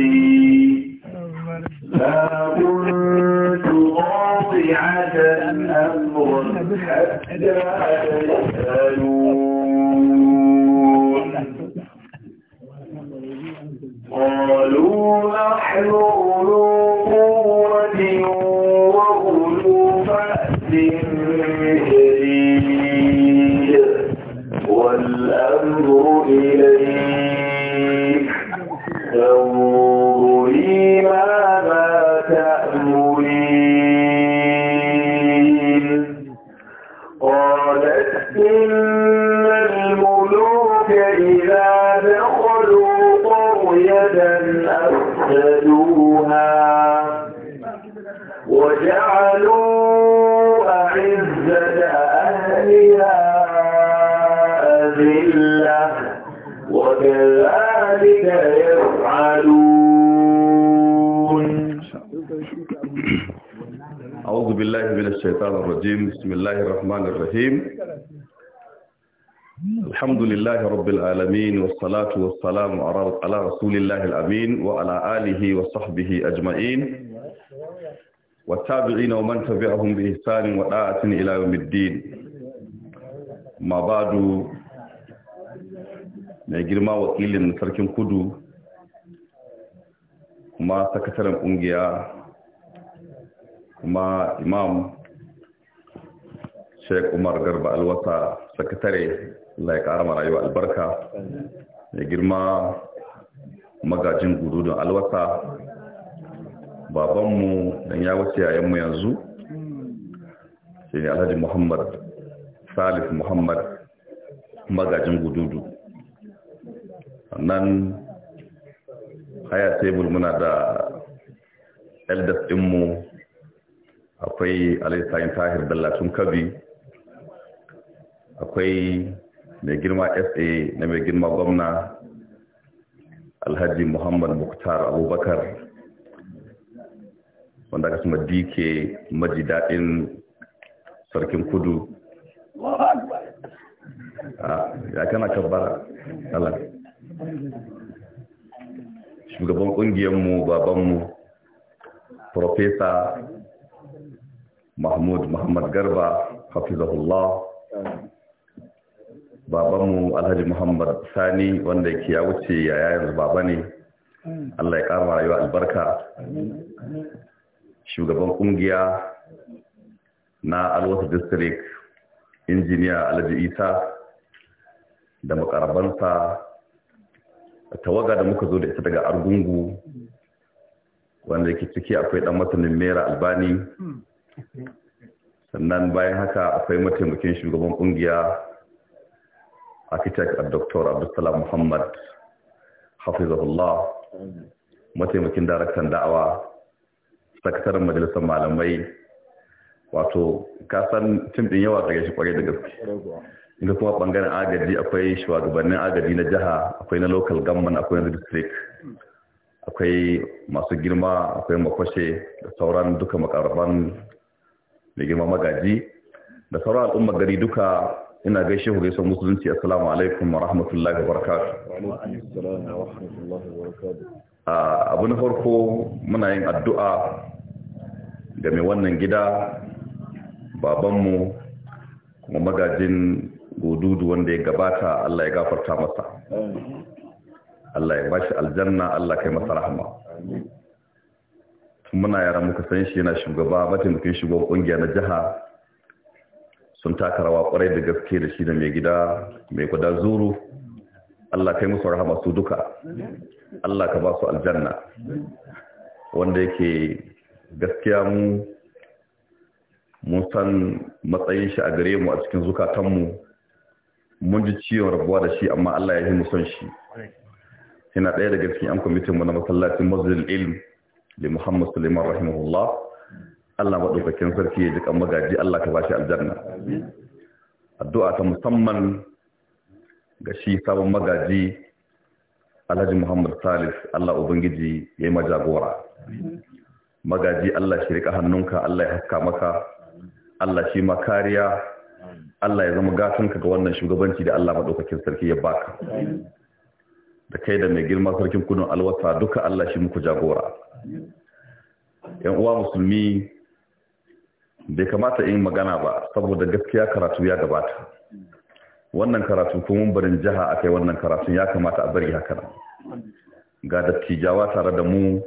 قلبي ما كنت قاطعة أمرا حتى وكذلك يفعلون أعوذ بالله من الشيطان الرجيم بسم الله الرحمن الرحيم الحمد لله رب العالمين والصلاة والسلام على رسول الله الأمين وعلى آله وصحبه أجمعين والتابعين ومن تبعهم بإحسان وآت إلى يوم الدين ما بعد mai girma wakilin sarkin kudu kuma sakataren kungiya kuma imam sheikh umar garba alwasa sakatare lai karama rayuwa albarka mai girma magajin gududun alwasa babanmu don ya wuce yayinmu yanzu shi ne alhaji muhammad salif muhammad magajin gududu nan haya tebur muna da elders ɗinmu akwai alisayin tahir dallatun kabi akwai mai girma sa na mai girma gwamna alhaji muhammad muktar abubakar wanda aka suna dk maji daɗin sarkin kudu ah, ya kana kabbara Allah shugaban ƙungiyarmu babanmu profesa mahmud muhammad garba hafizahullah babanmu alhaji muhammad sani wanda ke ya wuce yaya yanzu baba ne allah ya ƙara rayuwa albarka shugaban ƙungiya na alwata district injiniya alhaji isa da makarabansa tawaga da muka zo da ita daga argungu wanda yake ciki akwai dan masanin mera albani sannan bayan haka akwai mataimakin shugaban kungiya architect a dr abdulsalam muhammad hafizahullah mataimakin daraktan da'awa sakataren majalisar malamai wato kasan tim din yawa daga shi kwarai da gaske inda kuma bangaren agaji akwai shugabannin agaji na jiha akwai na local government akwai na district akwai masu girma akwai makwashe da sauran duka makarban mai girma magaji da sauran al'ummar gari duka ina gaishe ku gaisuwar musulunci assalamu alaikum wa rahmatullahi wa barakatuh abu na farko muna yin addu'a ga mai wannan gida babanmu kuma magajin gududu wanda ya gabata Allah ya gafarta masa Allah ya bashi aljanna Allah kai masa rahama tun muna yara muka san shi yana shugaba mataimakin shugaban kungiya na jiha sun taka rawa kwarai da gaske da shi da mai gida mai guda zuru Allah kai musu rahama su duka Allah ka ba su aljanna wanda yake gaskiya mu mun san matsayin shi a gare mu a cikin zukatanmu mun ji ciwon rabuwa da shi amma Allah ya yi mu son shi yana ɗaya daga cikin 'yan kwamitin mu na masallacin masjidil ilm li Muhammad Suleiman rahimahullah Allah maɗaukakin sarki ya ji kan magaji Allah ka shi aljanna addu'a ta musamman ga shi sabon magaji Alhaji Muhammad Salif Allah ubangiji ya yi majagora magaji Allah shi rika hannunka Allah ya haska maka Allah shi ma kariya Allah ya zama gatanka ga wannan shugabanci da Allah maɗaukakin sarki ya baka. Da kai da mai girma sarkin kudin alwasa duka Allah shi muku jagora. ‘Yan uwa musulmi bai kamata in magana ba saboda gaskiya karatu ya gabata. Wannan karatu kuma barin jiha aka yi wannan karatun ya kamata a bari haka Ga dattijawa tare da mu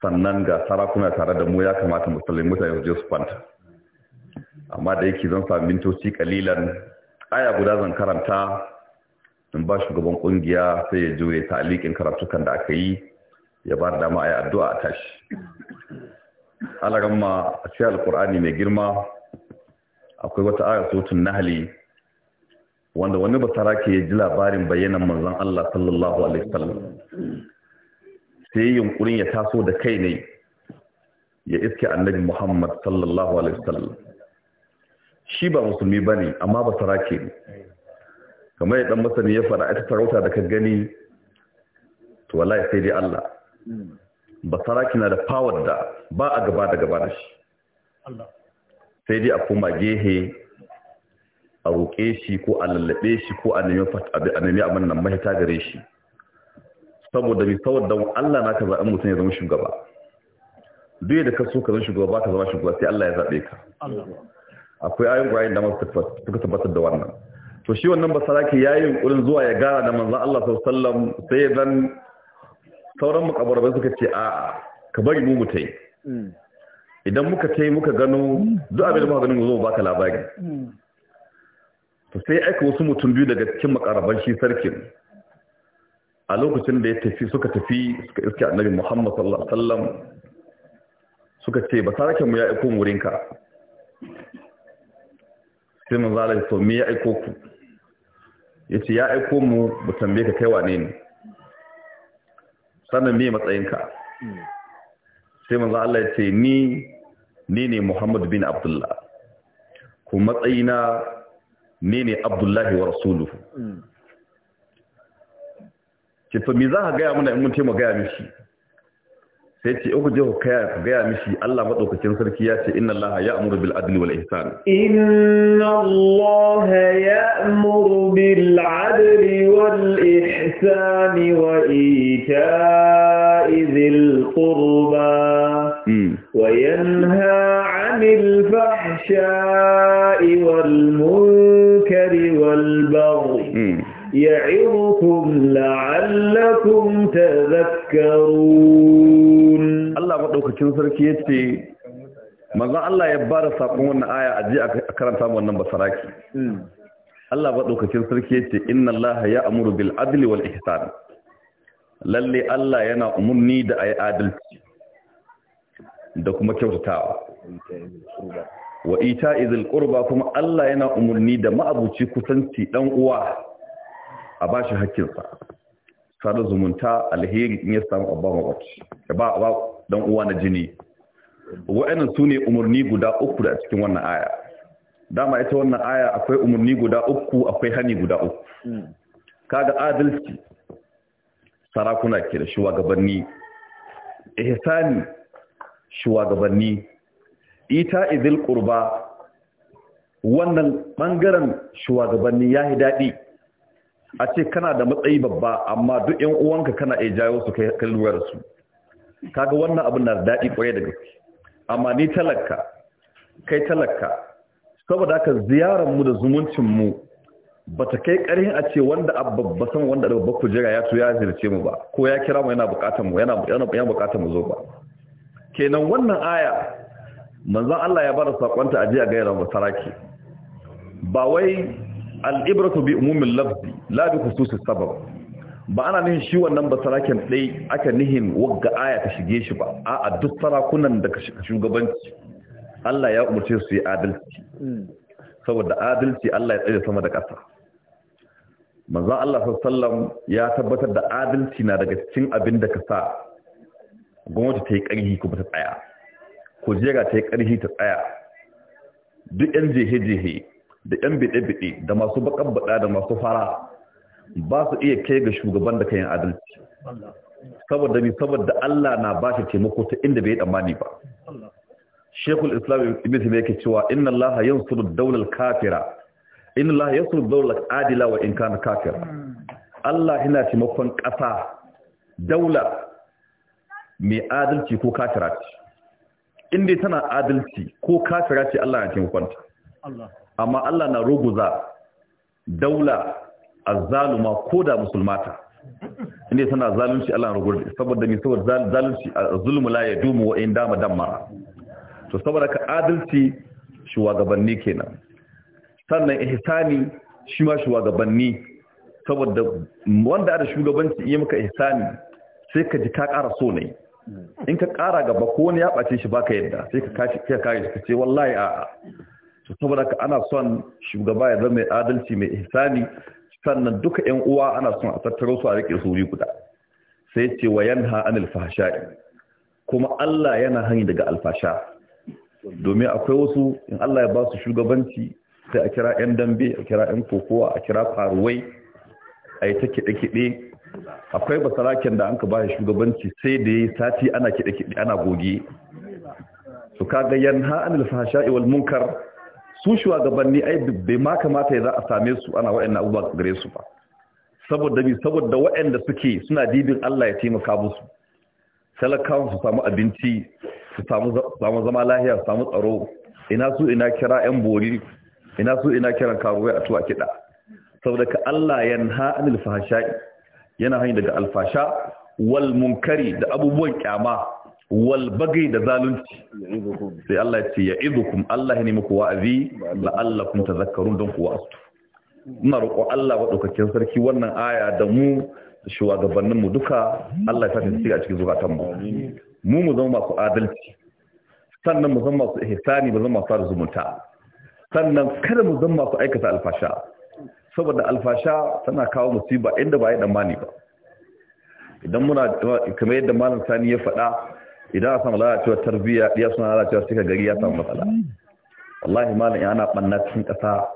sannan ga sarakuna tare da mu ya kamata musulmi mutane su je su fanta. amma da yake zan sami mintoci kalilan aya guda zan karanta in ba shugaban kungiya sai ya ta alikin karatukan da aka yi ya ba da dama a yi addu'a a tashi alaramma a cikin alkur'ani mai girma akwai wata aya sotun nahali wanda wani basara ke ji labarin bayyanan manzon Allah sallallahu alaihi wasallam sai yunkurin ya taso da kai ne ya iske annabi Muhammad sallallahu alaihi wasallam shi ba musulmi ba ne amma ba sarake ne kamar dan masani ya faɗa ita sarauta da ka gani to wallahi sai dai Allah hmm. ba sarake na da power da ba a gaba da gaba da shi sai dai a koma gehe a roƙe shi ko a lallaɓe shi ko a nemi abin nan mahita gare shi saboda mai saboda Allah na ka zaɓi mutum ya zama shugaba duk da ka so ka zama shugaba ba ka zama shugaba sai Allah ya zaɓe ka akwai ayin ƙwayin da masu suka tabbatar da wannan to shi wannan basaraki ya yi yunkurin zuwa ya gara da manzan Allah sallam sai ya zan sauran makabarabai suka ce a ka bari mu mutai mm. idan muka tai muka gano duk abin da muka ganin zo baka labari mm. to sai aika wasu mutum biyu daga cikin makarabar shi sarkin a lokacin da ya tafi suka tafi suka iske annabi Muhammad sallallahu alaihi wasallam suka ce basarakin mu ya aiko mu wurinka sai manzo Allah so me ya aiko ku yace ya aiko mu mu tambaye ka kai wane ne sannan me matsayinka sai manzo Allah ya ce ni ni ne Muhammad bin Abdullah ku matsayina ni ne Abdullahi wa rasuluhu ce mm. to me za ka ga mana in mun ce mu ga mishi sai ce uku je ku kaya ku gaya mishi Allah madaukakin sarki ya ce inna Allah ya'muru bil adli wal ihsan inna Allah ya'muru bil adli wal ihsan wa ita'i dhil qurba wa yanha 'anil fahsha'i wal munkari wal baghi يعظكم لعلكم تذكرون maɗaukakin sarki ya ce manzan Allah ya ba da saƙon wannan aya a ji a karanta wannan basaraki hmm. Allah maɗaukakin sarki ya ce inna Allah ya amuru bil adli wal ihsan lalle Allah yana umurni da yi adalci da kuma kyautatawa wa ita izil ƙurba kuma Allah yana umurni da ma'abuci kusanci dan uwa a bashi hakkinsa sada zumunta alheri in ya samu abba ba dan uwa na jini wa'annan su ne umarni guda uku da cikin wannan aya dama ita wannan aya akwai umarni guda uku akwai hani guda uku kaga adalci sarakuna ke da shugabanni ihsani shugabanni ita idil qurba wannan bangaren shugabanni yayi dadi a ce kana da matsayi babba amma duk ƴan uwanka kana iya jawo su kai lura su kaga wannan abin na daɗi ƙwarai da gaske amma ni talaka kai talaka saboda haka ziyarar mu da zumuncin mu bata kai ƙarhin a ce wanda abba san wanda da jira ya tuya zirce mu ba ko ya kira mu yana buƙatar mu yana yana mu zo ba kenan wannan aya manzon Allah ya bada sakonta aje a gairar masaraki ba wai al-ibratu bi umumil lafzi la bi khususis sabab ba ana nihin shi wannan ba saraken ɗai aka nihin wagga aya ta shige shi ba a duk sarakunan da ka shugabanci Allah ya umarce su yi adalci saboda adalci Allah ya tsaye sama da ƙasa Maza Allah sallam ya tabbatar da adalci na daga cikin abin da ka sa gwamnati ta yi ƙarfi kuma ta tsaya kujera ta yi ƙarfi ta tsaya duk 'yan jehe-jehe da 'yan biɗe-biɗe da masu baɗa da masu fara ba su iya kai ga shugaban da kan yin adalci saboda mi saboda Allah na ba shi taimako ta inda bai tsammani ba Sheikhul Islam Ibn Taymiyyah yake cewa inna Allah yansuru ad daular kafira inna Allah yansuru ad daular adila wa in kana kafira Allah yana taimakon ƙasa daula mai adalci ko kafira ce inda tana adalci ko kafira ce Allah ya taimakon ta amma Allah na ruguza daula azzaluma ko da musulmata inda suna zalunci Allah na gurbi saboda mai saboda zalunci zulmu la yadumu wa in dama mara. to saboda ka adalci shugabanni kenan sannan ihsani shi ma shugabanni saboda wanda da shugabanci iya maka ihsani sai ka ji ka ƙara so ne in ka ƙara gaba ko wani ya ɓace shi baka yadda sai ka kashi ka kare shi ce wallahi a'a to saboda ka ana son shugaba ya zama mai adalci mai ihsani sannan duka 'yan uwa ana son a tattaro su a rike su wuri guda sai ce wa yanha anil fahsha'i kuma Allah yana hani daga alfasha domin akwai wasu in Allah ya ba su shugabanci sai a kira ƴan dambe a kira ƴan kokowa a kira faruwai a yi ta kiɗe-kiɗe akwai basaraken da an ka ba shugabanci sai da ya sati ana kiɗe-kiɗe ana goge su kaga yanha anil wal munkar su shugabanni ai bai ma kamata ya za a same su ana waɗannan abubuwa gare su ba saboda bi saboda waɗanda suke suna dibin Allah ya taimaka musu talakawa su samu abinci su samu zama lahiya su samu tsaro ina su ina kira yan bori ina su ina kiran karuwai a tuwa kiɗa saboda ka Allah yanha anil fahasha'i yana hanyar daga alfasha wal munkari da abubuwan kyama Walbagai da zalunci sai Allah ya ce ya'idukum Allah ne muku wa'azi la'allakum tadhakkarun don ku wa'azu ina roƙo Allah madaukakin sarki wannan aya da mu shugabannin mu duka Allah ya sa ta a cikin zuwatan mu mu mu zama masu adalci sannan mu zama masu ihsani mu zama masu zumunta sannan kada mu zama masu aikata alfasha saboda alfasha tana kawo musiba inda ba ya damani ba idan muna kamar yadda malam sani ya faɗa idan a samu lalacewar tarbiyya ya suna lalacewar suka gari ya samu matsala wallahi malam ya ana ɓanna cikin ƙasa.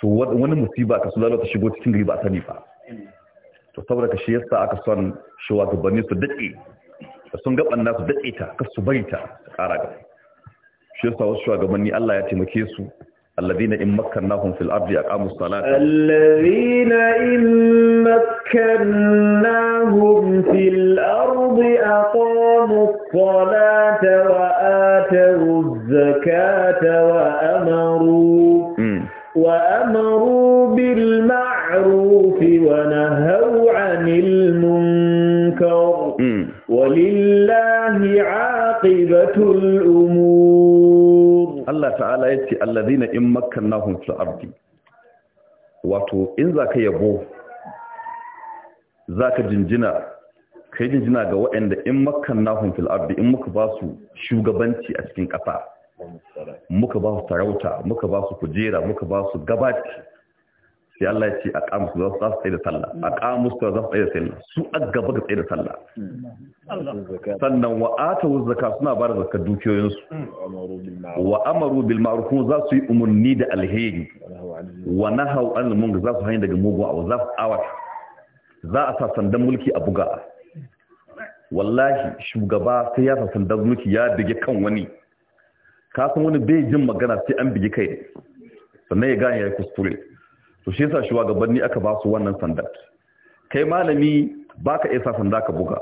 to wani musiba ka su lalata shigo cikin gari ba a sani ba to saboda ka shi yasa aka son shugabanni su daɗe da sun ga ɓanna su daɗe ta ka su bari ta ƙara gaba shi yasa wasu shugabanni Allah ya taimake su الذين إن مكناهم في الأرض أقاموا الصلاة الذين إن مكناهم في الأرض أقاموا الصلاة وآتوا الزكاة وأمروا وأمروا بالمعروف ونهوا عن المنكر ولله عاقبة الأمور الله تعالى يتي الذين إن مكناهم في الأرض وإن in za ka جنجنا kai jinjina ga waɗanda in makka nahun fil ardi in muka ba su shugabanci a cikin ƙasa muka ba su sarauta muka ba su kujera muka ba su gabaci sai Allah ya ce a kamus za su tsaye da sallah a kamus za su tsaye da sallah su a gaba ga tsaye da sallah sannan wa atawu zakka suna ba da zakkar dukiyoyinsu wa amaru bil ma'ruf za su yi umarni da alheri wa nahaw anil munkar za su hanyar daga mugun abu za su awata za a sa sandan mulki a buga wallahi shugaba sai ya da zuci ya bige kan wani kasan wani bai jin magana sai an bige kai sannan ya gane ya yi kuskure to shi yasa shugabanni aka ba su wannan sandar kai malami baka isa sanda ka buga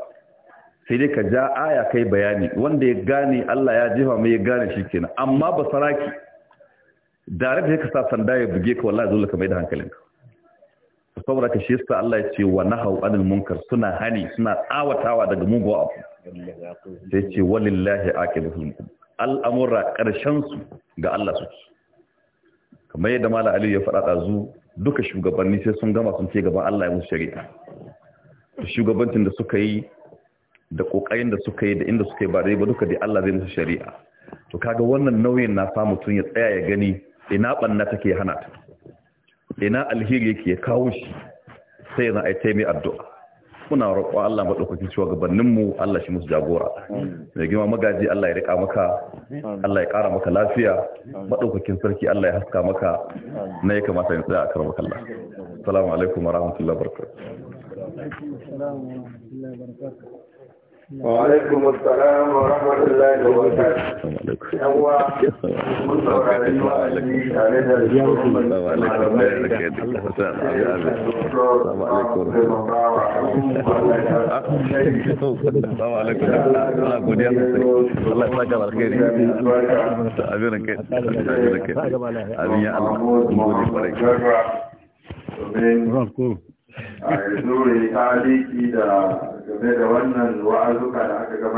sai dai ka ja aya kai bayani wanda ya gane Allah ya jefa mai ya gane shi kenan amma ba saraki da rabe ka sa sanda ya buge ka wallahi zo ka mai da hankalinka saboda ka shi yasa Allah ya ce wa nahau anil munkar suna hani suna tsawatawa daga muguwa. abu sai ce walillahi aqibatul al'amura karshen su ga Allah su kamar yadda Malam ali ya faɗa zu duka shugabanni sai sun gama sun ce gaban Allah ya musu shari'a shugabancin da suka yi da kokarin da suka yi da inda suka yi ba dai ba duka dai Allah zai musu shari'a to kaga wannan nauyin na sa mutun ya tsaya ya gani ina banna take hana ta ina alheri yake ya kawo shi sai yana aita mai addu'a muna roƙo Allah maɗaukakin mu Allah shi musu jagora mai gima magaji Allah ya rika maka Allah ya ƙara maka lafiya maɗaukakin sarki Allah ya haska maka na ya kamata ya tsaya a karɓar kalla salamu alaikum wa rahmatullahi wa barakatuh وعليكم السلام ورحمة الله وبركاته يوا من سورة الله السلام عليكم السلام عليكم السلام عليكم الله godiya Allah ya saka alkhairi a yanzu ne ta da game da wannan wa'azuka da aka gabata